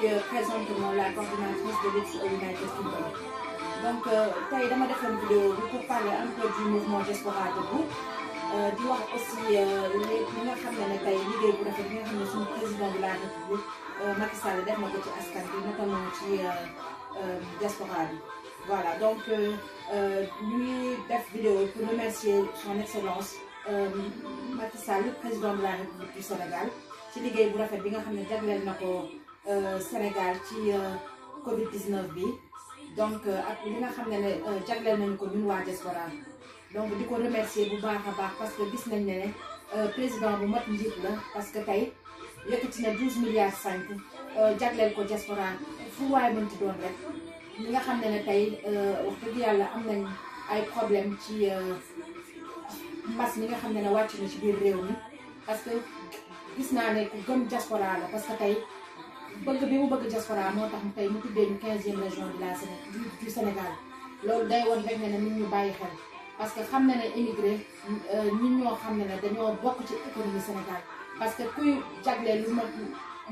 suis euh, présentement la coordinatrice de Luxe United Kingdom. donc euh, tey dama defoon vidéo bi pour parler un peu mouvement Diaspora Debout euh, di wax aussi liggéey bu rafet bi nga xam ne de la République def na ko ci askan bi notamment ci diaspora bi. voilà donc ñuy def vidéo pour remercier son excellence Macky Sall président de la République du Sénégal ci liggéey bu rafet bi nga xam ne jagleel na ko. Euh, Sénégal ci euh, Covid 19 bi donc euh, ak li nga xam ne ne jagleel nañu ko ñun waa diaspora donc di ko remercier bu baax a baax parce que gis nañ ne ne président bu mat njiit la parce que tey yëkkati na 12 milliards 5 jagleel ko diaspora fu waay mënti doon rek ñi nga xam ne ne tey wax dëgg yàlla am nañ ay problème ci mbas mi nga xam ne ne wàcc na ci biir réew mi parce que gis naa ne ku gëm diaspora la parce que tey. bëgg bi mu bëgg diaspora moo tax tey mu tuddee ñu quinzième région de la Séné du Sénégal loolu day woon rek ne nit ñu bàyyi xel parce que xam na ne immigré ñu euh, ñoo xam ne ne dañoo bokk ci économie Sénégal parce que kuy jagleel lu mat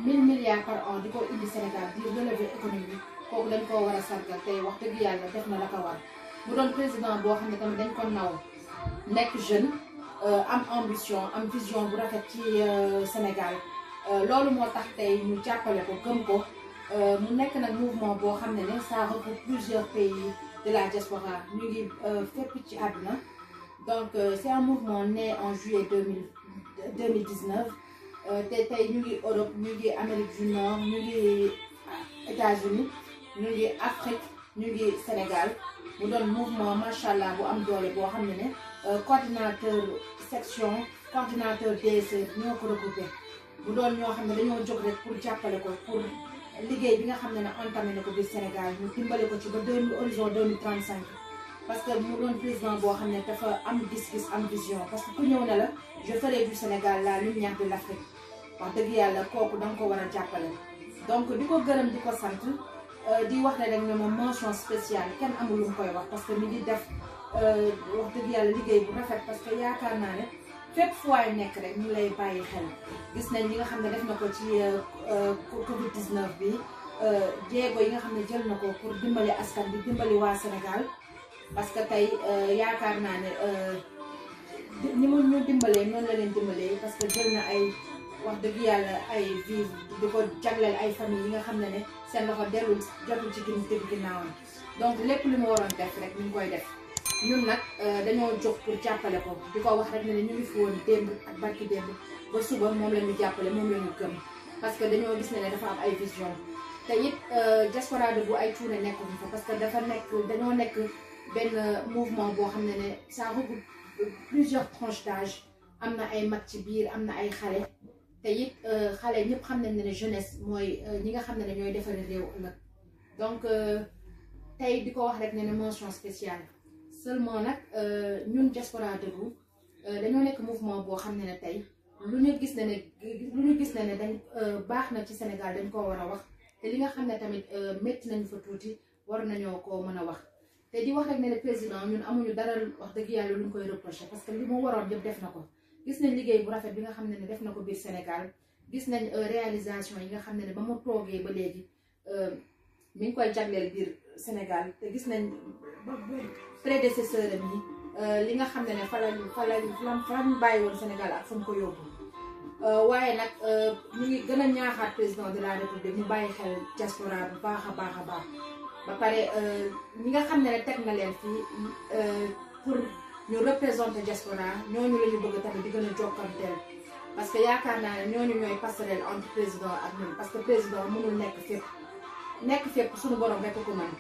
mille milliards par an di ko indi Sénégal di relever économie bi kooku dañ koo war a sargal tey wax dëgg yàlla def na la ko war mu doon président boo xam ne tamit dañ ko naw nekk jeune euh, am ambition am vision bu rafet ci euh, Sénégal Euh, loolu moo tax tey ñu jàppale ko gëm ko euh, mu nekk nag mouvement boo xam ne ne ça regroupe plusieurs pays de la diaspora ñu ngi euh, fépp ci àdduna donc c'est un mouvement né en juillet deux mille deux te tey ñu ngi Europe ñu ngi Amérique du Nord ñu ngi États-Unis ñu ngi Afrique ñu ngi Sénégal mu doon mouvement macha allah bu am doole boo xam ne ne coordinateur section coordinateur DSE ñoo ko regroupé. bu doon ñoo xam ne dañoo jóg rek pour jàppale ko pour liggéey bi nga xam ne ne entamé ko biir Sénégal ñu dimbale ko ci ba deux horizon deux trente cinq parce que mu doon président boo xam ne dafa am gis-gis am vision parce que ku ñëw na la je ferai du Sénégal la lumière de l'Afrique wax dëgg yàlla kooku da ko war a jàppale donc di ko gërëm di ko sant euh, di wax ne rek ne moom mention spéciale kenn amul lu mu koy wax parce que mi ngi def euh, wax dëgg yàlla liggéey bu rafet parce que yaakaar naa ne fépp fu waay nekk rek ñu lay bàyyi xel gis nañ li nga xam ne def na ko ci euh, Covid 19 bi euh, jéego yi nga xam ne jël na ko pour dimbali askan bi dimbali waa senegal parce que tey euh, yaakaar naa ne ni mu ñu dimbalee noonu la leen dimbalee parce que jël na ay wax dëgg yàlla ay vie di ko jagleel ay famille yi nga xam ne ne seen loxo dellu jotul ci gin dëgg ginnaawam donc lépp lu mu waroon def rek ñu ngi koy def. ñun nag euh, dañoo jox pour jàppale ko di ko wax rek ne ñu ngi fi woon démb ak barki démb ba suba moom la ñu jàppale moom la ñu gëm parce que dañoo gis ne ne dafa am ay vision te it euh, diaspora bu ay cuune nekk fa parce que dafa nekk dañoo nekk benn mouvement boo xam ne ne ça regroupe plusieurs tranches d'âge am na ay mag ci biir am na ay xale te it euh, xale ñëpp xam nañ ne jeunesse mooy ñi nga xam ne ne ñooy defari réew ëllëg donc tey di ko wax rek ne ne mention spéciale seulement nag euh, ñun diaspora debout dañoo nekk mouvement boo xam ne ne tey lu ñu gis ne ne lu ñu gis ne ne dañ euh, baax na ci Sénégal dañ koo war a wax te li nga xam ne tamit euh, metti nañu fa tuuti war nañoo ko mën a wax te di wax rek ne ne président ñun amuñu dara wax dëgg yàlla lu ñu koy reproché parce que li mu waroon yëpp def na ko gis nañ liggéey bu rafet bi nga xam ne ne def na ko biir Sénégal gis nañ réalisation yi nga xam ne ne ba mu toogee ba léegi mi ngi koy jagleel biir Sénégal prédécesseur am yi euh, li nga xam ne ne fa la fa la fa ñu bàyyi woon Sénégal ak fa mu ko yóbbu euh, waaye nag euh, ñu ngi gën a ñaaxaat président de la république mu bàyyi xel diaspora bu baax a baax a baax ba pare ñi nga xam ne ne teg na leen fii pour ñu représenter diaspora ñooñu la ñu bëgg tamit di gën a jokkanteel parce que yaakaar naa ne ñooñu ñooy passerelle entre président ak ñun parce que président mënul nekk fépp nekk fépp suñu borom rekk ko mën.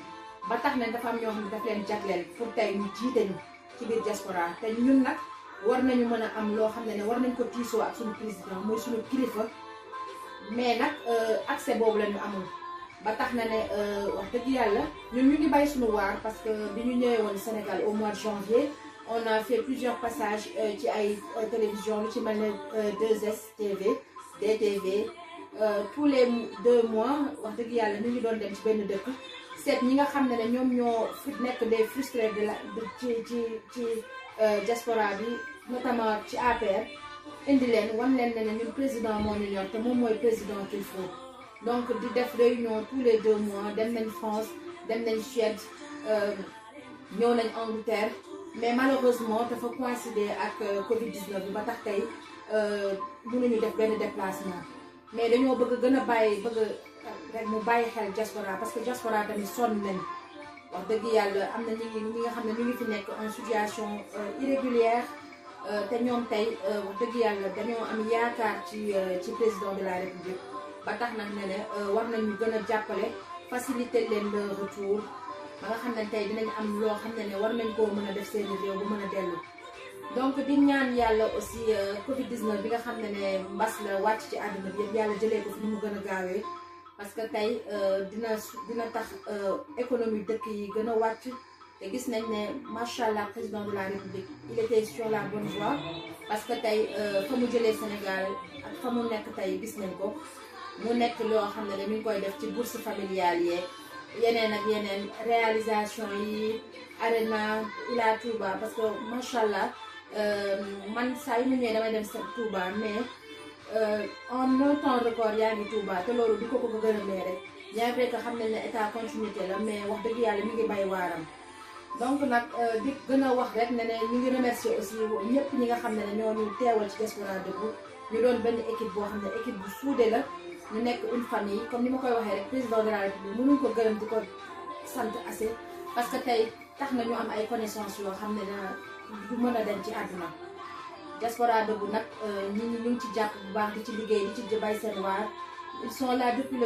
ba tax na dafa am ñoo xam ne daf leen jagleel pour tey ñu jiite ñu ci biir diaspora te ñun nag war nañu mën a am loo xam ne ne war nañ ko tiisoo ak suñu président mooy suñu kilifa mais nag euh, accès boobu la ñu amul ba tax na ne euh, wax dëgg yàlla ñun ñu ngi bàyyi suñu waar parce que bi ñu ñëwee woon Sénégal au mois de janvier on a fait plusieurs passages euh, ci ay télévision lu ci mel ne 2STV DTV tous les deux mois wax dëgg yàlla ñu ngi doon dem ci benn dëkk seet ñi nga xam ne ne ñoom ñoo nekk des frustrés de la ci ci ci euh, diaspora bi notamment ci APR indi leen wan leen ne ne ñun président moo ñu ñor te moom mooy président qu'il donc di def réunion tous les deux mois dem nañ France dem nañ Suède euh, ñëw nañ Angleterre mais malheureusement dafa coïncider ak euh, Covid 19 bi ba tax tey mënuñu def benn déplacement mais dañoo bëgg gën a bàyyi bëgg. rek mu bàyyi xel diaspora parce que diaspora tamit sonn nañu wax dëgg yàlla am na ñi ñi nga xam ne ñu ngi fi nekk en situation euh, irrégulière euh, te ñoom tey euh, wax dëgg yàlla dañoo am yaakaar ci ci président de la république ba tax nag ne ne war nañu a jàppale faciliter leen le retour ba nga xam ne tey dinañ am loo xam ne ne war nañ koo mën a def seen réew bu mën a dellu. donc di ñaan yàlla aussi Covid 19 bi nga xam ne ne mbas la wàcc ci àdduna bi yëpp yàlla jëlee ko fi mu gën a gaawee. parce que tey euh, dina dina tax euh, économie dëkk yi gën a wàcc te gis nañ ne macha allah président de la république il était la bonne parce que tey euh, fa mu jëlee Sénégal ak fa mu nekk tey gis nañ ko mu nekk loo xam ne mi ngi koy def ci bourse familiale yeeg yeneen yeneen réalisation yi arena Ila Touba macha allah man saa yu ñu damay dem sa Touba mais. Euh, en même temps record yaa ngi Touba te loolu du ko ko gën a lee rek xam nañ ne état continuité la mais wax dëgg yàlla mi ngi bay waaram. donc nag euh, di gën a wax rek ne ne ñu ngi remercier aussi ñëpp ñi nga xam ne ñoo ñu teewal ci Diaspora Debout ñu doon benn équipe boo xam ne équipe bu soudée la ñu nekk une famille comme ni ma koy waxee rek président de la République mënuñ ko gërëm di ko sant assez parce que tey tax na ñu am ay connaissances yoo xam ne dina du mën a dem ci àdduna. diaspora debout nag euh, ñu ngi ñu ngi ci jàpp bu baax di ci liggéey di ci bay seen waar ils sont là depuis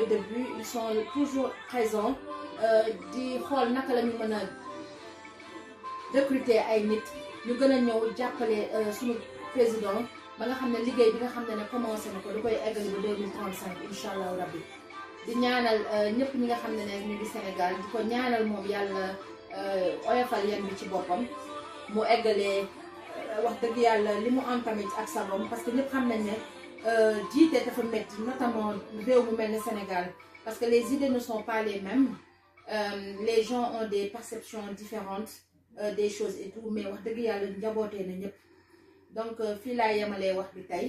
toujours présents euh, di xool naka la mën a recruter ay nit ñu gën a ñëw jàppale euh, suñu président ba nga xam ne liggéey bi nga xam ne ne commencé na ko du koy eggali ba 2035 incha allahu rabbi di ñaanal ñëpp ñi nga xam ne ne ñu ngi Sénégal di ko ñaanal moom yàlla oyofal yan bi ci boppam mu eggalee. wax dëgg yàlla li mu entamé ci ak sagoom parce que ñëpp xam nañ ne euh, jiite dafa métti notamment réew mu mel ne Sénégal parce que les idées ne sont pas les euh, les gens ont des perceptions différentes euh, des choses et tout mais wax dëgg yàlla njabootee na ñëpp donc fii laa yemalee wax bi tey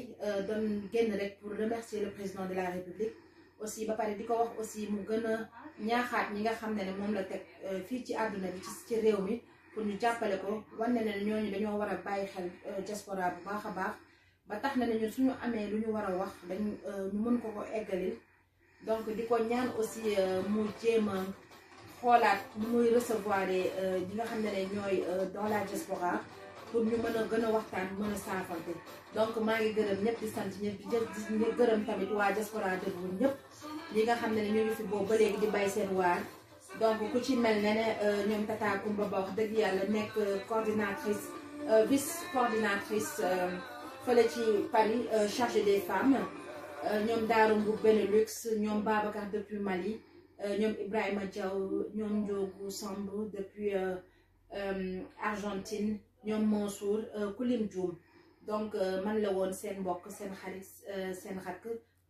doon génn rek pour remercier le président de la République aussi ba pare di ko wax aussi mu gën a ñaaxaat ñi nga xam ne ne moom la teg fii ci àdduna bi ci ci réew mi pour ñu jàppale ko wan na ne ñooñu dañoo war a bàyyi xel euh, diaspora bu baax a baax ba tax na ne ñun suñu amee lu ñu war a wax dañ euh, ñu mën ko ko eggalil donc di ko ñaan aussi euh, mu jéem a xoolaat nu muy recevoir ñi nga xam ne ne ñooy dans la diaspora pour ñu mën a gën a waxtaan mën a saafante donc maa ngi gërëm ñëpp di sant ñëpp di gërëm tamit waa diaspora de bu ñëpp ñi nga xam ne ne ñoo ngi fi boobu ba léegi di bàyyi seen waar donc ku ci mel na ne euh, ñoom Tata Koumba Ba wax dëgg yàlla nekk euh, coordinatrice euh, vice coordinatrice fële ci Paris chargée des femmes ñoom Daaru Mbu Benelux ñoom Babacar depuis Mali ñoom Ibrahima Diaw ñoom Ndiogu Samb depuis Argentine ñoom ku Kulim Dioum donc man la woon seen mbokk seen xarit seen rakk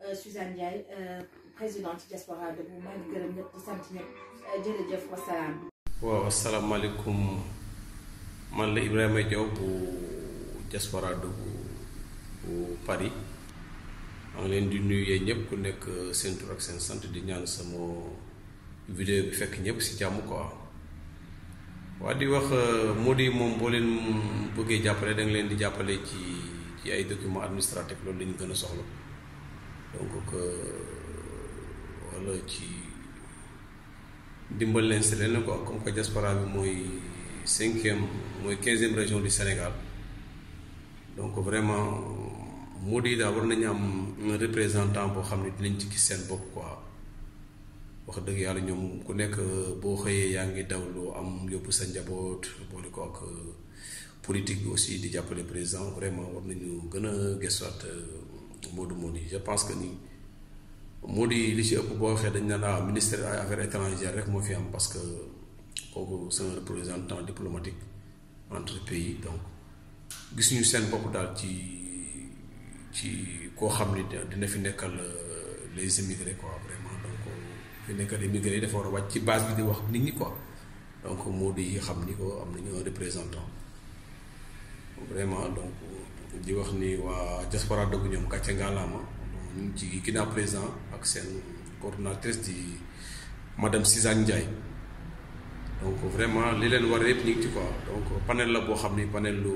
Euh, Suzanne Ndiaye euh, présidente diaspora debout maa ngi gërëm ñëpp di sant ñëpp euh, jërëjëf wasalaam. waaw man la Ibrahima Diaw bu diaspora debout bu Paris maa ngi leen di nuyu yéen ñëpp ku nekk seen tur ak seen sant di ñaan sama vidéo bi fekk ñëpp si jàmm ko waa di wax moo di moom boo leen bëggee jàppale da leen di jàppale ci ci ay documents administratifs loolu la ñu gën a soxla. donc que euh, wala ci dimbal leen si leen quoi comme que diaspora bi mooy cinquième mooy quinzième région du Sénégal donc vraiment moo di daal war nañu am représentant boo xam ne dinañ ci gis seen bopp quoi wax dëgg yàlla ñoom ku nekk euh, boo xëyee yaa ngi daw lu am yóbbu sa njaboot boole ko ak euh, politique bi aussi di jàppale président vraiment war nañu gën a gëstuwaat. Modou Modou je pense que nii Modou yi li ci ëpp boo waxee dañ ne la ah, ministère des affaires rek moo fi am parce que kooku c'est un représentant diplomatique entre pays donc gisuñu seen bopp daal ci ci koo xam ni dina fi nekkal euh, les immigrés quoi vraiment donc euh, fi nekkal immigrés yi dafa war a wàcc ci base bi di wax nit ñi quoi donc Modou yi xam ni ko am nañu un représentant vraiment donc. di wax ni waa diaspora dëgg ñoom gàcce ngaalaama ñu ngi ci ginnaaw président ak seen coordonnatrice di madame Suzanne Ndiaye donc vraiment li leen war yëpp ñu ci quoi donc panel la boo xam ni panel lu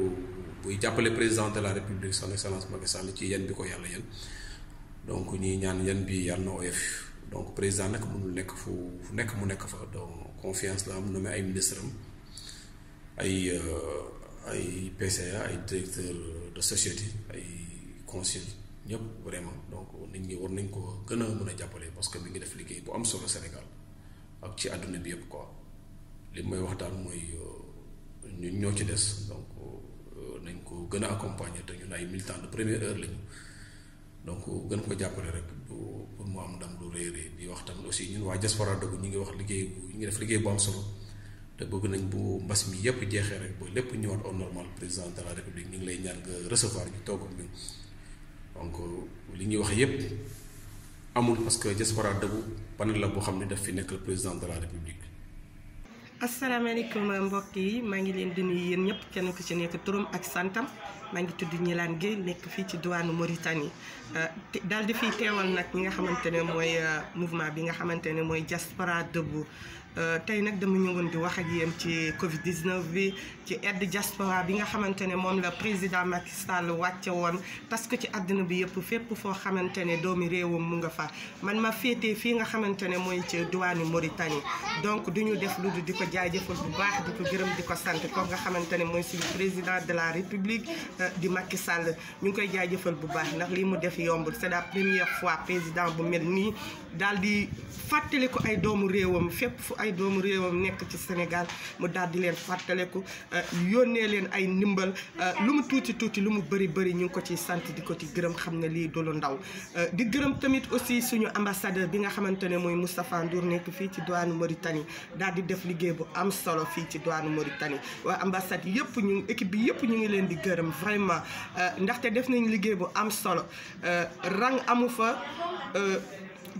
buy jàppale président de la république son excellence Macky Sall ci yan bi ko yàlla yan donc ñuy ñaan yan bi yàlla na oyof donc président nag mënul nekk fu fu nekk mu nekk fa donc confiance la am nommé ay ministre am ay. Euh, ay PCA ay directeur de société ay consul ñëpp vraiment donc nit ñi war nañ ko gën a mën a jàppale parce que mi ngi def liggéey bu am solo Sénégal ak ci àdduna bi yëpp quoi li mooy waxtaan mooy euh, ñun ñoo ci des donc euh, nañ ko gën a accompagner te ñun ay militants de première heure lañu donc gën ko jàppale rek pour mu am ndam lu réy réy di wax tamit aussi ñun waa diaspora dëgg ñu ngi wax liggéey ñu ngi def liggéey bu am solo te bëgg nañ bu mbas mi yëpp jeexee rek boo lépp ñëwaat au normal président de la république ñu ngi lay ñaan nga recevoir ñu toog ak ñun donc li ñuy wax yëpp amul parce que diaspora dëggu panel la boo xam ne daf fi nekk le président de la république. asalaamaaleykum mbokk yi maa ngi leen di nuyu yéen ñëpp kenn ku ci nekk turam ak santam maa ngi tudd Gnilane Guèye nekk fii ci diwaanu Mauritanie euh, daal di fiy teewal nag ñi nga xamante ne mooy euh, mouvement bi nga xamante ne mooy diaspora debout. Euh, tey nag dama ñëwoon di wax ak yéen ci Covid 19 bi ci aide diaspora bi nga xamante ne moom la président Macky Sall wàcce woon parce que ci àddina bi yëpp fépp foo xamante ne doomi réewam mu nga fa man ma féetee fii nga xamante ne mooy ci diwaanu Mauritanie donc du ñu def lu dul di ko jaajëfal bu baax di ko gërëm di ko sant ko nga xamante ne mooy suñu président de la République euh, di Macky Sall ñu ngi koy jaajëfal bu baax ndax li mu def yombul c'est la première fois président bu nii daal di fàttali ko ay doomu réewam ay doomu réewam nekk ci Sénégal mu daal di leen fàttaleku euh, yónnee leen ay ndimbal euh, lu mu tuuti tuuti lu mu bëri bëri ñu ngi ko ci sant di ko ci gërëm xam ne lii du lu ndaw euh, di gërëm tamit aussi suñu ambassadeur bi nga xamante ne mooy Moustapha Ndour nekk fii ci douane Mauritanie daal di def liggéey bu am solo fii ci douane Mauritanie waa ambassade yëpp ñu équipe bi yëpp ñu ngi leen di gërëm vraiment ndaxte def nañ liggéey bu am solo rang amu fa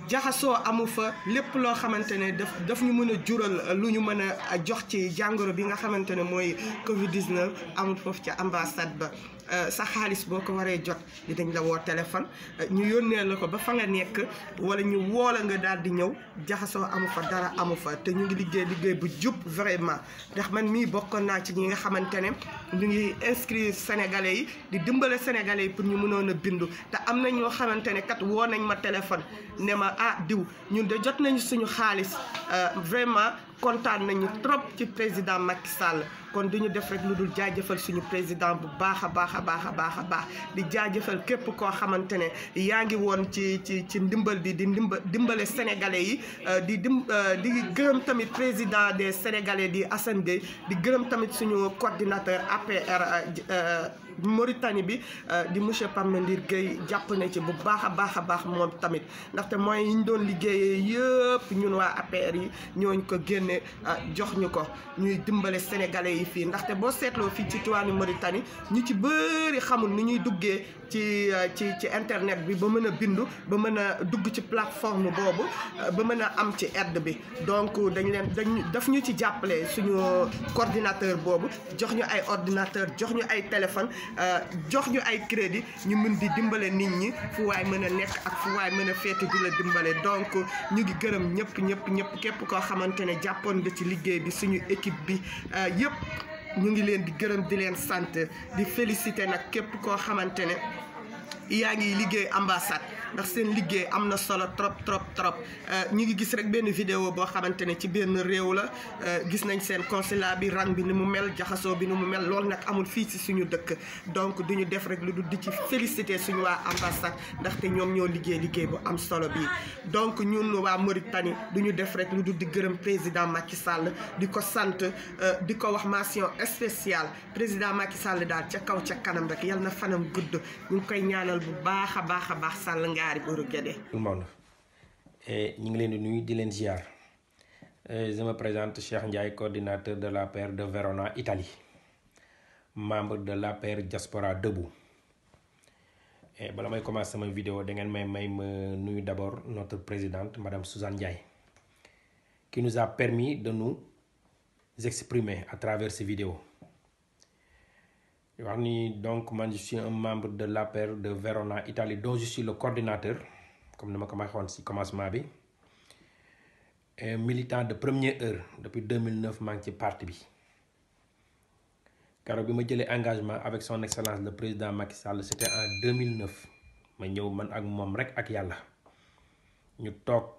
jaxasoo amu fa lépp loo xamante ne daf daf ñu mën a jural lu ñu mën a jox ci jàngoro bi nga xamante ne mooy Covid 19 amul foofu ca ambassade ba. Euh, sa xaalis boo ko waree jot dañ la woo téléphone euh, ñu yónnee la ko ba fa nga nekk wala ñu woola la nga daal di ñëw jaxasoo amu fa dara amu fa te ñu ngi liggéey liggéey bu jub vraiment ndax man mii bokkoon naa ci ñi nga xamante ne ñu ngi inscrire sénégalais yi di dimbale sénégalais yi pour ñu mënoon a bindu te am na ñoo xamante ne kat woo nañ ma téléphone ne ma ah diw ñu de jot nañu suñu xaalis euh, vraiment kontaan nañu trop ci président Macky Sall kon du ñu def rek lu dul jaajëfal suñu président bu baax a baax a baax a baax a baax di jaajëfal képp koo xamante ne yaa ngi woon ci ci ci ndimbal bi di ndimba dimbale sénégalais yi euh, di dim euh, di gërëm tamit président de sénégalais di Assane Gueye di gërëm tamit suñu coordinateur APR euh, Mauritanie bi euh, di monsieur Pape Ndir Gueye jàpp na ci bu baax a baax a baax moom tamit ndaxte mooy yi ñu doon liggéeyee yëpp ñun waa APR yi ñoo ñu ko génne euh, jox ñu ko ñuy dimbale sénégalais yi fii ndaxte boo seetloo fii ci tuwaanu Mauritanie ñu ci bëri xamul ni ñuy duggee ci euh, ci ci internet bi ba mën a bindu ba mën a dugg ci plateforme boobu euh, ba mën a am ci aide bi donc dañu leen dañ daf ñu ci jàppale suñu coordinateur boobu jox ñu ay ordinateur jox ñu ay téléphone euh, jox ñu ay crédit ñu mën di dimbale nit ñi fu waay mën a nekk ak fu waay mën a féete di la dimbale donc ñu ngi gërëm ñëpp ñëpp ñëpp képp koo xamante ne jàppoon nga ci liggéey bi suñu équipe bi yëpp ñu ngi leen di gërëm di leen sant di félicité nag képp koo xamante ne yaa ngi liggéey ambassade ndax seen liggéey am na solo trop trop trop euh, ñu ngi gis rek benn vidéo boo xamante ne ci benn réew la euh, gis nañ seen consulat bi rang bi ni mu mel jaxasoo bi ni mu mel loolu nag amul fii ci suñu dëkk donc duñu def rek lu dul di ci féliciter suñu waa ambassade ndaxte ñoom ñoo liggéey liggéey bu am solo bi donc ñun waa Mauritanie duñu def rek lu dul di gërëm président Macky Sall di ko sant euh, di ko wax masion spéciale président Macky Sall daal ca kaw ca kanam yal na fanam gudd ñaanal bu a baax a baax Sall Ngaari Bourou Guédé. Eh, ñu ngi leen di nuyu di leen ziar eh, je me présente Cheikh Ndiaye coordinateur de la l'APR de Verona Italie membre de la l'APR Diaspora Debout eh, bala may commence sama vidéo da ngeen may may ma nuyu d'abord notre présidente madame Suzanne Ndiaye qui nous a permis de nous exprimer à traverse ces vidéos. wax ni donc man je membre de l'APR de Verona Italie dont je suis le coordinateur comme ni ma ko ma waxoon ci commencement bi et militant de premier heure depuis 2009 maa ngi ci parti bi karo bi ma jëlee engagement avec son excellence le président Macky Sall c'était en 2009 ma ñëw man ak moom rek ak yàlla ñu toog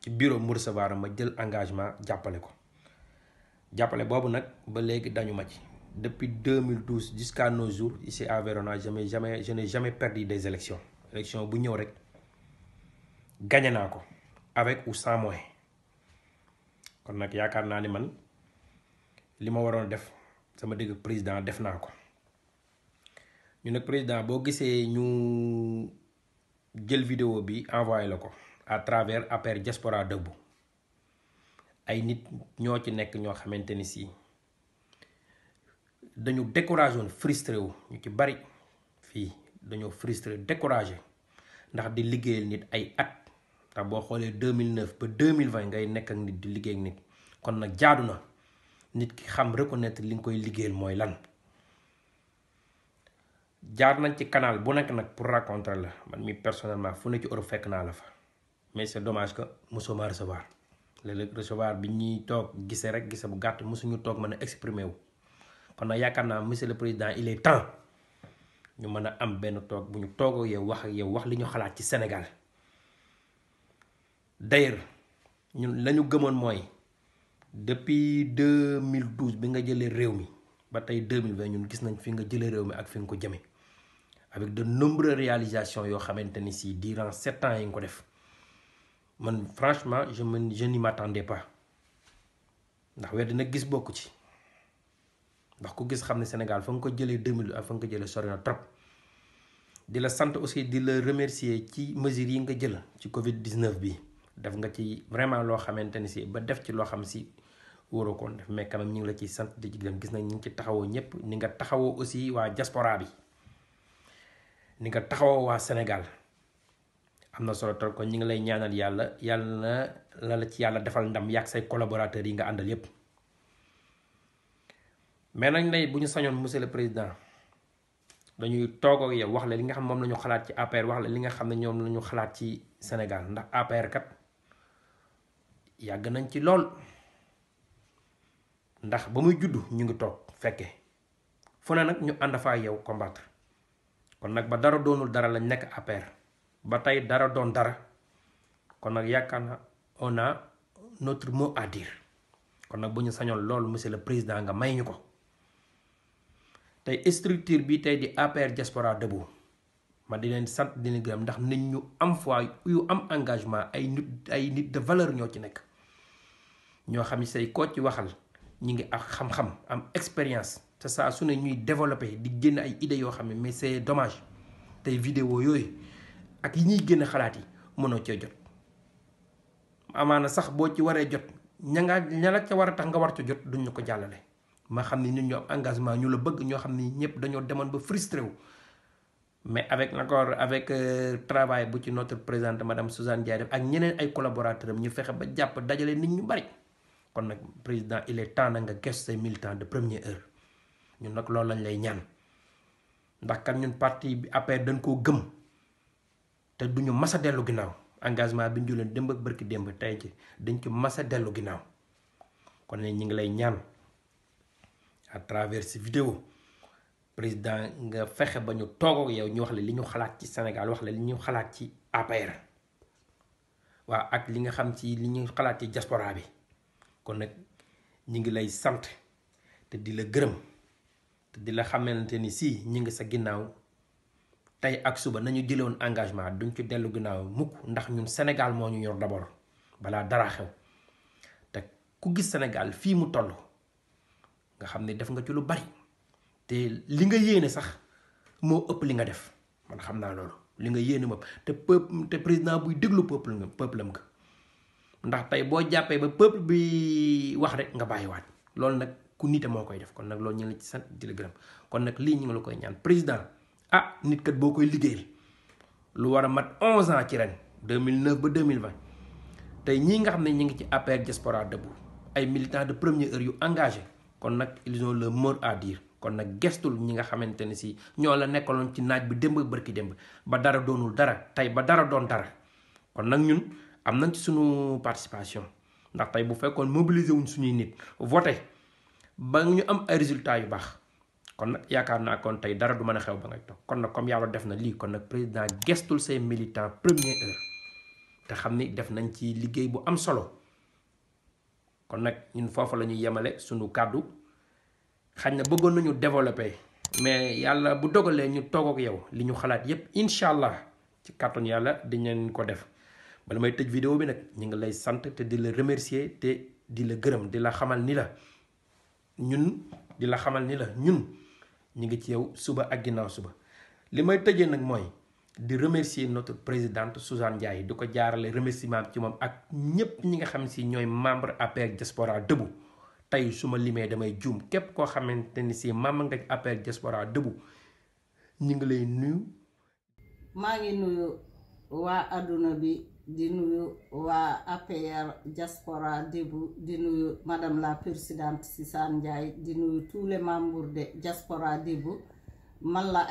ci bureau mu recevoir ma jël engagement jàppale ko jàppale boobu nag ba léegi dañu ma ci. depuis 2012 jusqu'à nos jours ici à Verona jamais jamais je n'ai jamais perdu des élections élection bu ñëw rek gagné naa ko avec ou sans kon nag yaakaar naa ni man li ma waroon def sama dégg président def naa ko ñu nag président boo gisee ñu jël vidéo bi envoyé la ko à travers APR Diaspora Debout ay nit ñoo ci nekk ñoo xamante ni si dañu découragé woon frustré wu ñu ci bari fii dañoo frustré découragé ndax di liggéeyal nit ay at ndax boo xoolee deux 2009 ba 2020 ngay nekk ak nit di liggéey ak nit kon nag jaadu na nit ki xam reconnaître li nga koy liggéeyal mooy lan. jaar nañ ci kanaal bu nekk nag pour rencontrer la man mi personnellement fu ne ci Europe fekk naa la fa mais c'est dommage que mosoo ma recevoir léeg-léeg recevoir bi ñuy toog gisee rek gisee bu gàtt mosuñu toog mën a exprimer wu. kon nag yaakaar naa monsieur le président il est temps ñu mën a am benn toog bu ñu toog yow wax ak yow wax li ñu xalaat ci Sénégal d'ailleurs ñun lañu gëmoon mooy depuis mille 2012 bi nga jëlee réew mi ba tey 2020 ñun gis nañ fi nga jëlee réew mi ak fi nga ko jëmee avec de nombreuses réalisations yoo xamante ni si durant sept ans yi nga ko def man franchement je me je n'y m'attendais pas ndax weer dina gis bokk ci. ndax ku gis xam ne Sénégal fa nga ko jëlee 2000 ak fa nga ko jële sori na trop di la sant aussi di la remercier ci mesures yi nga jël ci Covid 19 bi def nga ci vraiment loo xamante ni si ba def ci loo xam si waroo koon def mais quand ñu ngi la ciy sant di ci gis nañ ñu ngi ci taxawoo ñëpp ni nga taxawoo aussi waa diaspora bi ni nga taxawoo waa Sénégal am na solo trop kon ñu ngi lay ñaanal yàlla yàlla na la la ci yàlla defal ndam yaag say collaborateurs yi nga àndal yëpp. mais nañ ne bu ñu sañoon monsieur le président dañuy toog ak yow wax la li nga xam moom la xalaat ci APR wax la li nga xam ne ñoom la ñu xalaat ci Sénégal ndax APR kat yàgg nañ ci lool ndax ba muy juddu ñu ngi toog fekke fu ne nag ñu ànd fa yow combattre kon nag ba dara doonul dara lañ nekk APR ba tey dara doon dara kon nag yaakaar na on a notre mot à kon nag bu ñu sañoon lool monsieur le président nga may ñu ko. tey structure bi tey di APR diaspora debout ma di leen sant di gërëm ndax nit ñu am fois yu am engagement ay nit ay nit de valeur ñoo ci nekk ñoo xam ne say koo ci waxal ñi ngi ak xam-xam am expérience te saa su ne ñuy développé di génn ay idées yoo xam ne mais c'est dommage tey video yooyu ak yi ñuy génn xalaat yi mënoo cee jot amaana sax boo ci waree jot ña nga ña la ca war a tax nga war ca jot duñu ñu ko jàllale ma xam ni ñun ñu am engagement ñu la bëgg ñoo xam ni ñëpp dañoo demoon ba frustré wu. mais avec encore avec euh, travail bu ci notre présidente madame Suzanne Diaye def ak ñeneen ay collaborateurs am ñu fexe ba jàpp dajale nit ñu bari kon nag président il est temps na nga gëstu say militants de première heure ñun nag loolu lañ lay ñaan ndax kan ñun partie bi APR dañ koo gëm te duñu ñu a dellu ginnaaw engagement bi ñu leen démb ak bërki démb tey ci dañ ci mas a ginnaaw kon nag ñu ngi lay ñaan. à travers ces président nga fexe ba ñu toog yow ñu wax la li ñu xalaat ci Sénégal wax la li ñu xalaat ci APR waaw ak li nga xam ci li ñu xalaat ci diaspora bi kon nag ñu ngi lay sant te di la gërëm te di la xamante ni si ñi ngi sa ginnaaw tey ak suba nañu jëloon engagement duñ ci dellu ginnaaw mukk ndax ñun Sénégal moo ñu yor d'abord balaa dara xew te ku gis Sénégal fii mu toll nga xam ne def nga ci lu bari te li nga yéene sax moo ëpp li nga def man xam naa loolu li nga yéene moom te peuple te président buy déglu peuple nga peuple am nga ndax tey boo jàppee ba peuple bi wax rek nga waat loolu nag ku nite moo koy def kon nag loolu ñu ngi la ci sant di la nag lii ñu ngi la koy ñaan président ah nit kat boo koy liggéeyal lu war a mat 11 ans ci ren 2009 ba 2020 tey ñii nga xam ne ñu ngi ci APR diaspora debout ay militants de premier heure yu engagé. kon nag ils la le mot à dire kon nag gestul ñi nga xamante ne si ñoo la nekkaloon ci naaj bi démb bërki démb ba dara doonul dara tey ba dara doon dara kon nag ñun am nañ ci suñu participation ndax tey bu fekkoon mobiliser wuñ suñuy nit voté ba ñu am ay résultats yu baax kon nag yaakaar naa kon tey dara du mën a xew ba ngay toog kon nag comme yàlla def na lii kon nag président gestul ses militants première heure te xam ni def nañ ci liggéey bu am solo. kon nag ñun foofu la ñuy yemale suñu kàddu xañ na bëggoon nañu développer mais yàlla bu dogalee ñu toog ak yow li ñu xalaat yépp incha allah ci kàttan yàlla dinañ ko def bala may tëj vidéo bi nag ñu ngi lay sant te di la remercier te di la gërëm di la xamal ni la ñun di la xamal ni la ñun ñu ngi ci yow suba ak ginnaaw suba li may tëjee nag mooy di remercier notre présidente Suzanne Ndiaye di ko jaarale remerciement ci moom ak ñépp ñi nga xam si ñooy membre APR Diaspora Debout tey suma ma limee damay juum képp koo xamante ni si membre nga APR Diaspora Debout ñu ngi lay nuyu maa ngi nuyu bi di nuyu waa APR Diaspora Debout la présidente Suzanne Ndiaye di nuyu tous les de Diaspora Debout man la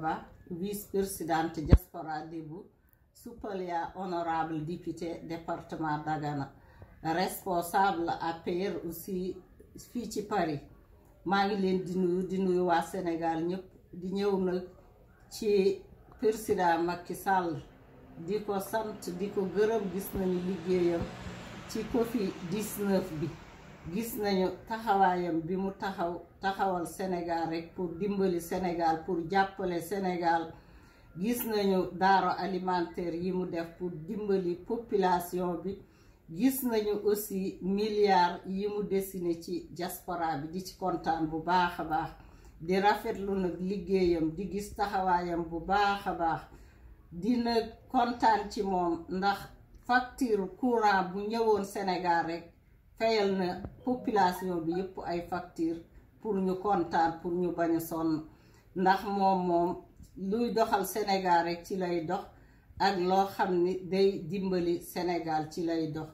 Ba vice-présidente diaspora Debout suppléant honorable député département Dagana responsable APR aussi fii ci Paris maa ngi leen di nuyu di nuyu waa Sénégal ñëpp di ñëw nag ci président Macky sàll di ko sant di ko gërëm gis nañu liggéeyam ci Covid 19 bi gis nañu taxawaayam bi mu taxaw taxawal Sénégal rek pour dimbali Sénégal pour jàppale Sénégal gis nañu daaro alimentaire yi mu def pour dimbali population bi gis nañu aussi milliards yi mu desine ci diaspora bi di ci kontaan bu baax a baax di rafetlu nag liggéeyam di gis taxawaayam bu baax a baax dina kontaan ci moom ndax facture courant bu ñëwoon Sénégal rek feyal na population bi yëpp ay facture pour ñu kontaan pour ñu bañ a sonn ndax moom moom luy doxal Sénégal rek ci lay dox ak loo xam ni day dimbali Sénégal ci lay dox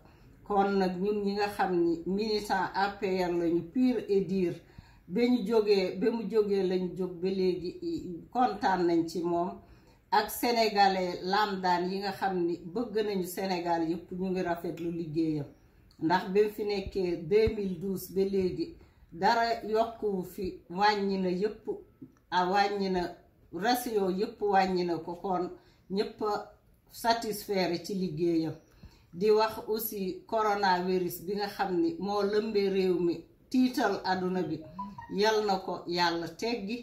kon nag ñun ñi nga xam ni militant APR lañu pure et diir ba ñu jógee ba mu jógee lañ jóg ba léegi kontaan nañ ci moom ak sénégalais lamdaan yi nga xam ni bëgg nañu Sénégal yëpp ñu ngi rafetlu liggéeyam ndax bi mu fi nekkee bi ba léegi dara yokkuwu fi wàññi na yëpp a wàññi na ratio yëpp wàññi na ko kon ñëpp a satisfaire ci liggéeyam di wax aussi coronavirus bi nga xam ni moo lëmbee réew mi tiital àdduna bi yal na ko yàlla teggi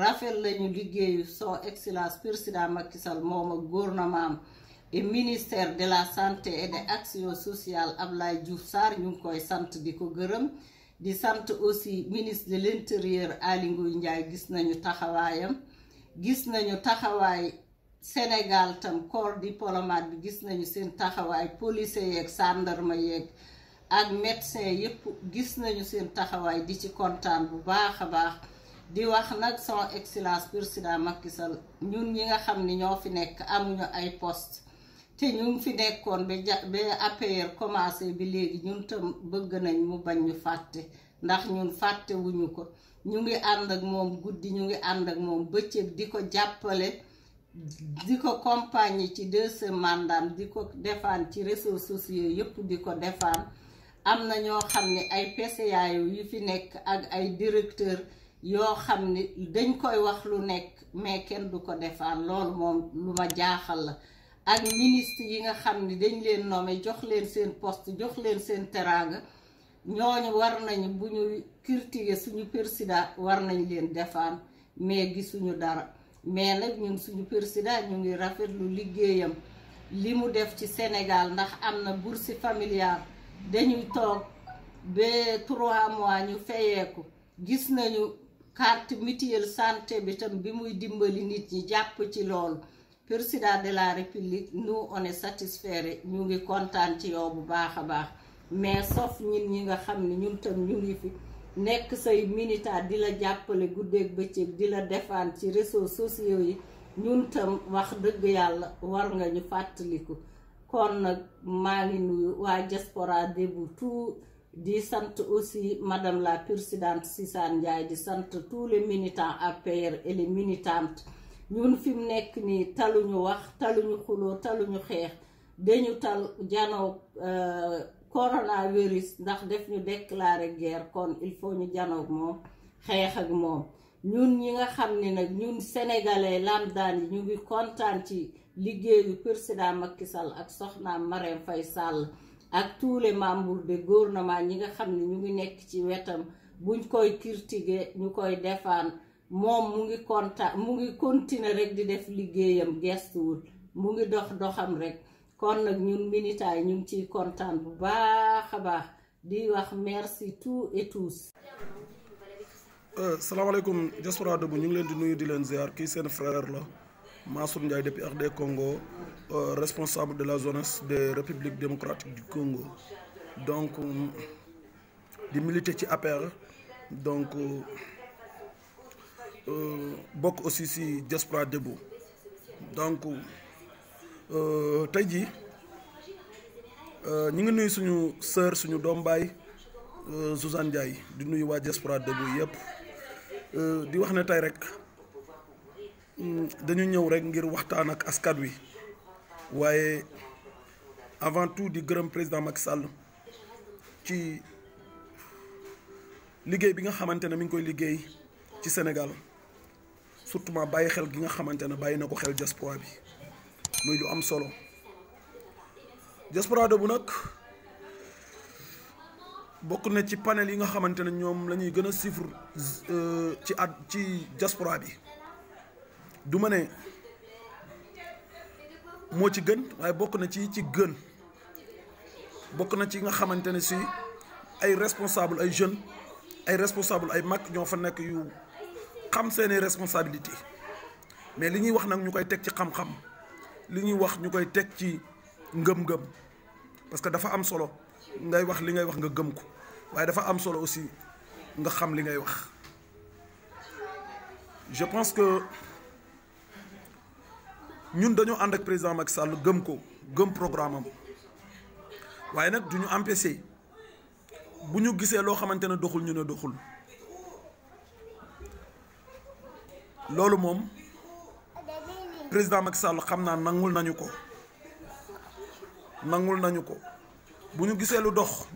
rafet lañu liggéeyu soo excellence président Macky Sall moom ak gouvernement am et ministère de la santé et de l'action sociale Ablaye Diouf Sarr ñu ngi koy sant di ko gërëm di sant aussi ministre de l'intérieur Aly Ngouille Ndiaye gis nañu taxawaayam gis nañu taxawaay Sénégal tam corps diplomate bi gis nañu seen taxawaay polise yeeg sàndarma yeeg ak médecin yépp gis nañu seen taxawaay di ci kontaan bu baax a baax di wax nag son excellence président Macky Sall ñun ñi nga xam ni ñoo fi nekk amuñu ay post te fi nekkoon ba ja ba commencé bi léegi ñun tam bëgg nañ mu bañ ñu fàtte ndax ñun fàtte ko ñu ngi ànd ak moom guddi ñu ngi ànd ak moom bëccëg di ko jàppale di ko compagnie ci deuxième mandat di ko defaan ci réseaux sociaux yëpp di ko defaan am na ñoo xam ne ay PCA yu fi nekk ak ay directeur yoo xam ni dañ koy wax lu nekk mais kenn du ko defaan loolu moom lu ma jaaxal la ak ministre yi nga xam ni dañ leen nommé jox leen seen post jox leen seen teraanga ñooñu war nañu bu ñu critiquer suñu président war nañ leen defaan mais gisuñu dara mais nag ñun suñu président ñu ngi rafetlu liggéeyam li mu def ci Sénégal ndax am na bourse familiale dañuy toog ba trois mois ñu fayeeku gis nañu carte mutuelle santé bi tam bi muy dimbali nit ñi jàpp ci loolu président de la république nous one est satisfait ñu ngi kontaan ci yow bu baax a baax mais sauf ñun ñi nga xam ne ñun tam ñu ngi fi nekk say militants di la jàppale guddeeg bëccëg di la defaan ci réseaux sociaux yi ñun tam wax dëgg yàlla war nga ñu fàttaliku kon nag maa ngi nuyu waa diaspora debout tout di sant aussi madame la présidente Sissane Ndiaye di sant tous les militants APR et les ñun fi mu nekk nii taluñu wax taluñu xuloo taluñu xeex dañu tal janoo euh, coronavirus ndax def ñu déclarer ger kon il faut ñu janoog moom xeex ak moom ñun ñi nga xam ni nag ñun sénégalais lamdaan yi ñu ngi kontaan ci liggéeyu président Macky ak soxnaam Marème fay Sall ak tous les membres de gouvernement ñi nga xam ne ñu ngi nekk ci wetam buñ koy critiquer ñu koy defaan moom mu ngi kontaan mu ngi continuer rek di def liggéeyam gestuwul mu ngi dox doxam rek kon nag ñun militaires yi ñu ngi ciy kontaan bu baax a baax di wax merci tout et tous. Euh, salaamaaleykum diaspora debout ñu ngi leen di nuyu di leen ziar kii seen frère la Mansour Ndiaye depuis RD Congo euh, responsable de la jeunesse des républiques démocratiques du Congo donc euh, di militer ci APR donc. Euh, bokk aussi si diaspora debout donc euh, tey jii euh, ñu ngi nuyu suñu sœur suñu doom baay Suzanne Ndiaye di nuyu waa diaspora debout yëpp di wax ne tey rek dañu ñëw rek ngir waxtaan ak askan wi waaye avant tout di gërëm président Macky Sall ci liggéey bi nga xamante ne mi ngi koy liggéey ci Sénégal. surtout bàyyi xel gi nga xamante ne bàyyi na ko xel diaspora bi muy lu am solo diaspora bu nag bokk na ci panel yi nga xamante ne ñoom la ñuy gën a suivre euh, ci at ci diaspora bi du ma ne moo ci gën waaye bokk na ci ci gën bokk na ci nga xamante ne si ay responsable ay jeunes ay responsable ay mag ñoo fa nekk yu xam seeni responsabilité mais li ñuy wax nag ñu koy teg ci xam-xam li ñuy wax ñu koy teg ci ngëm-ngëm parce que dafa am solo ngay wax li ngay wax nga gëm ko waaye dafa am solo aussi nga xam li ngay wax je pense que ñun dañoo ànd ak président Macky Sall gëm ko gëm programme am waaye nag du ñu empêché bu ñu gisee loo xamante ne doxul ñu ne doxul loolu moom président Macky Sall xam naa nangul nañu ko nangul nañu ko bu ñu gisee lu dox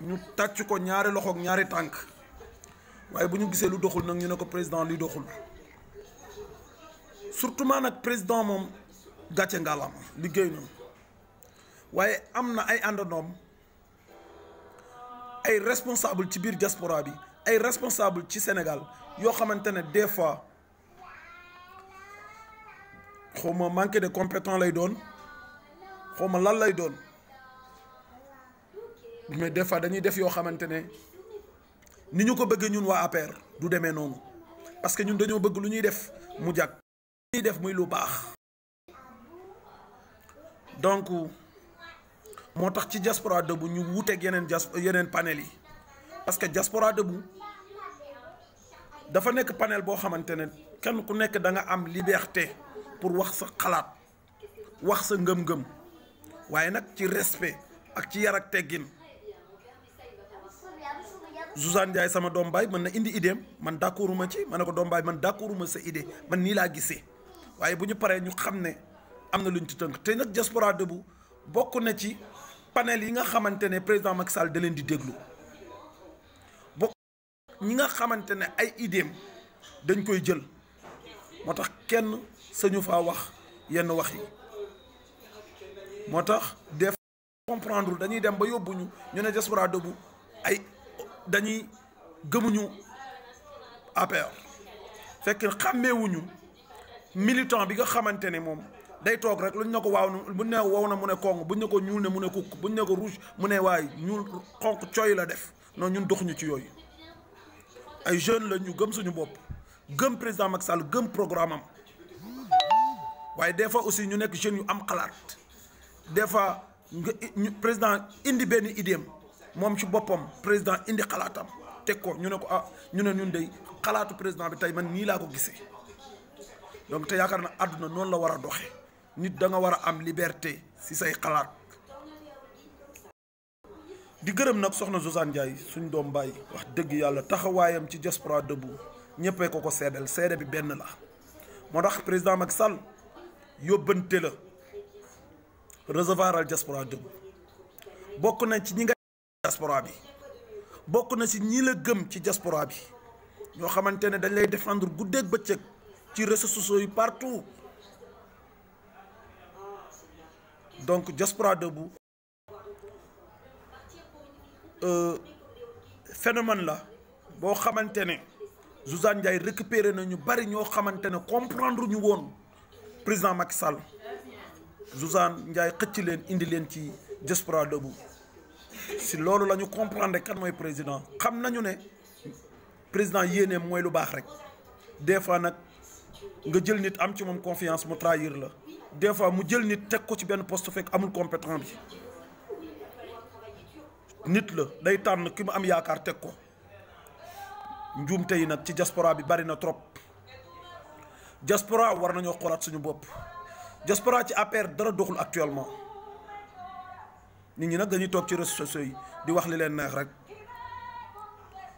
ñu tàcc ko ñaari loxo ñaari tànk waaye bu ñu gisee lu doxul nag ñu ne ko président li doxul surtout maa nag président moom gàcce ngaalaama liggéey na waaye am na ay àndandoom ay responsable ci biir diaspora bi ay responsable ci Sénégal yoo xamante ne des fois. xawma ma manque de compétent lay doon xaw ma lan lay doon mais des fois dañuy def yoo xamante ne ni ñu ko bëggee ñun waa APR du demee noonu parce que ñun dañoo bëgg lu ñuy def mu jàkk lu def muy lu baax donc moo tax ci diaspora debout ñu wuteeg yeneen jas yeneen panel yi parce que diaspora debout dafa nekk panel boo xamante ne kenn ku nekk da nga am liberté pour wax sa xalaat wax sa ngëm-ngëm waaye nag ci respect ak ci yar ak teggin Zouzane sama doom baay mën na indi idéem man d'accordu ma ci ma ne ko doom baay man d'accordu ma sa idée man nii laa gisee waaye bu ñu paree ñu xam ne am na luñ ci tënk te nag Diaspora Debout bokk na ci panel yi nga xamante ne président Macky Sall da leen di déglu bokk ñi nga xamante ne ay idéem dañ koy jël. moo tax kenn sañu faa wax yenn wax yi moo tax def comprendre dañuy dem ba yóbbuñu ñu ne Diasporado bu ay dañuy gëmuñu APR fekk xàmmeewuñu militant bi nga xamante ne moom day toog rek luñ ne ko waaw buñ ne wow na mu ne kong buñ ne ko ñuul ne mu ne kukk buñ ne ko rouge mu ne waay ñuul xonq cooy la def non ñun doxuñu ci yooyu ay jeunes la ñu gëm suñu bopp gëm président Macky Sall gëm programme am waaye des fois aussi ñu nekk jeunes yu am xalaat des fois ñu président indi benn idéem moom ci boppam président indi xalaatam teg ko ñu ne ko ah ñu ne ñun de xalaatu président bi tey man nii laa ko gisee donc te yaakaar na àdduna noonu la war a doxee nit da nga war a am liberté si say xalaat. di gërëm nag soxna Josane Ndiaye suñ doom bàyyi wax dëgg yàlla taxawaayam ci diaspora debout ñëppee ko ko seedal seede bi benn la moo tax président Macky Sall yóbbante la recevoir al diaspora dëgg bokk na ci ñi nga diaspora bi bokk na ci ñi la gëm ci diaspora bi ñoo xamante ne dañ lay defendre défendre guddeeg bëccëg ci réseaux sociaux yi partout donc diaspora debout phénomène la boo xamante ne Zouzane Ndiaye récupéré na ñu bari ñoo xamante ne comprendre ñu woon président Macky Sall Zouzane Ndiaye xëcc leen indi leen ci Diaspora Debout si loolu lañu ñu comprendre kan mooy président xam nañu ne président yéene mooy lu baax rek des fois nag nga jël nit am ci moom confiance mu trahir la des fois mu jël nit teg ko ci benn poste fekk amul compétent bi nit la day tànn ki mu am yaakaar teg ko. njuumte yi nag ci diaspora bi bari na trop diaspora war nañoo xoolaat suñu bopp diaspora ci APR dara doxul actuellement nit ñi nag dañuy toog ci réseaux sociaux yi di wax li leen neex rek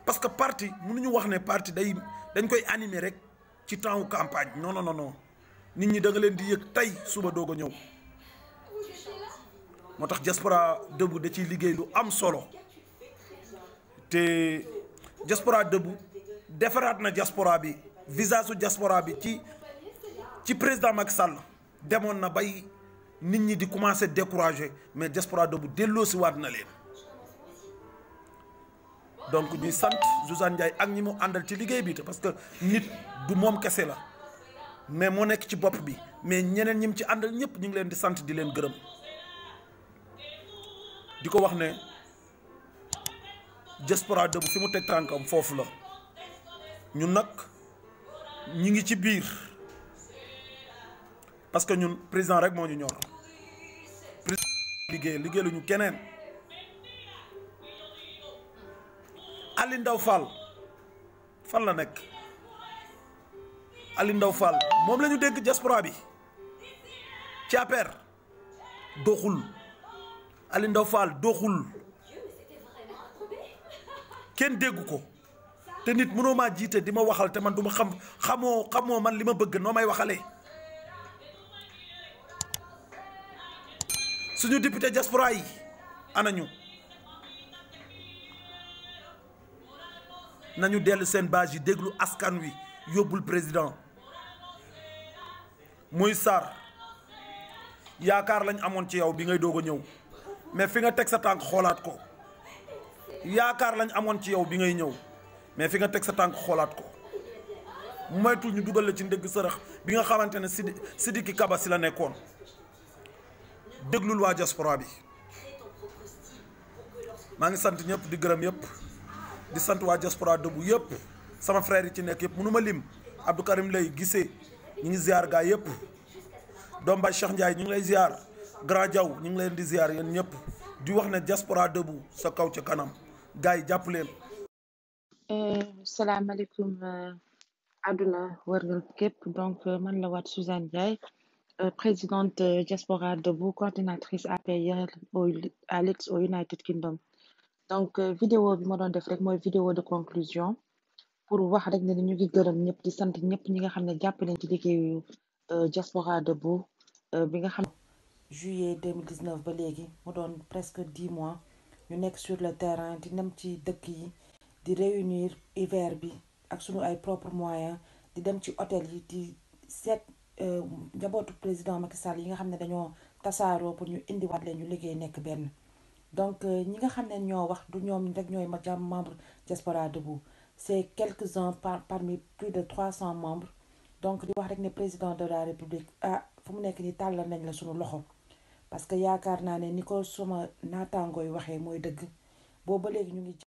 parce que parti mënuñu wax ne parti day dañ koy animer rek ci temps wu campagne non non non nit ñi danga leen di yëg tey suba doog a ñëw moo tax diaspora dëgg da ciy liggéey lu am solo te. diaspora debout defaraat na diaspora bi visage su diaspora bi ci ci président Macky Sall demoon na bay nit ñi di commencer décourager mais diaspora debout delloosi waat na leen donc ñuy sant Zouzane Ndiaye ak ñi mu àndal ci liggéey bi parce que nit du moom kese la mais moo nekk ci bopp bi mais ñeneen ñi mu ci àndal ñëpp ñu ngi leen di sant di leen gërëm di ko wax ne. diaspora debout fi mu teg tànkam foofu la ñun nag ñi ngi ci biir parce que ñun président rek moo ñu ñor président liggéey liggéey lu ñu keneen Aliou Ndao fan la nekk Aliou Ndao Fall moom lañu dégg diaspora bi ci APR doxul Aliou Ndao doxul kenn dégg ko te nit mënoo maa jiite di ma waxal te man duma xam xamoo xamoo man li ma bëgg noo may waxale suñu député diaspora yi anañu nañu dellu seen base yi déglu askan wi yóbbul président muy Sarr yaakaar lañ amoon ci yow bi ngay doog ñëw mais fi nga teg sa tànk xoolaat ko. yaakaar lañ amoon ci yow bi ngay ñëw mais fi nga teg sa tànk xoolaat ko moytul ñu dugal la ci ndëgg sërëx bi nga xamante ne Sidi Sidiki Kaba si la nekkoon déglul waa diaspora bi maa ngi sant ñëpp di gërëm yëpp di sant waa diaspora dëggu yëpp sama frère yi ci nekk yëpp mënuma lim Abdou Karim lay gisee ñu ngi ziar gaa yëpp doom ba Cheikh Ndiaye ñu ngi lay ziar Grand Diaw ñu ngi leen di ziar yéen ñëpp di wax ne diaspora debout sa kaw ca kanam gars yi jàpp leen. Euh, salaamaaleykum euh, àdduna wërgal képp donc euh, man la waat Suzanne Ndiaye présidente diaspora debout coordinatrice APR au à l'ex United Kingdom. donc vidéo bi ma doon def rek mooy vidéo de conclusion pour wax rek ne ñu ngi gërëm ñëpp di sant ñëpp ñi nga xam ne jàpp nañ ci liggéeyu diaspora debout bi nga xam. juillet 2019 ba léegi mu doon presque dix mois. ñu nekk sur le terrain di dem ci dëkk yi di réunir hiver bi ak suñu ay propre moyens di dem ci hôtel yi di seet euh, njabootu président Macky Sall yi nga xam ne dañoo tasaaroo pour ñu indiwaat leen ñu liggéey nekk benn donc euh, ñi nga xam ne ñoo wax du ñoom rek ñooy ma jàmm membre diaspora debout c'est quelques-uns par parmi plus de trois cents membre donc di wax rek ne président de la république ah fu mu nekk nii tàllal nañ la suñu loxo parce que yaakaar naa ne ni ko sama naataangooy waxee mooy dëgg booba léegi ñu ngi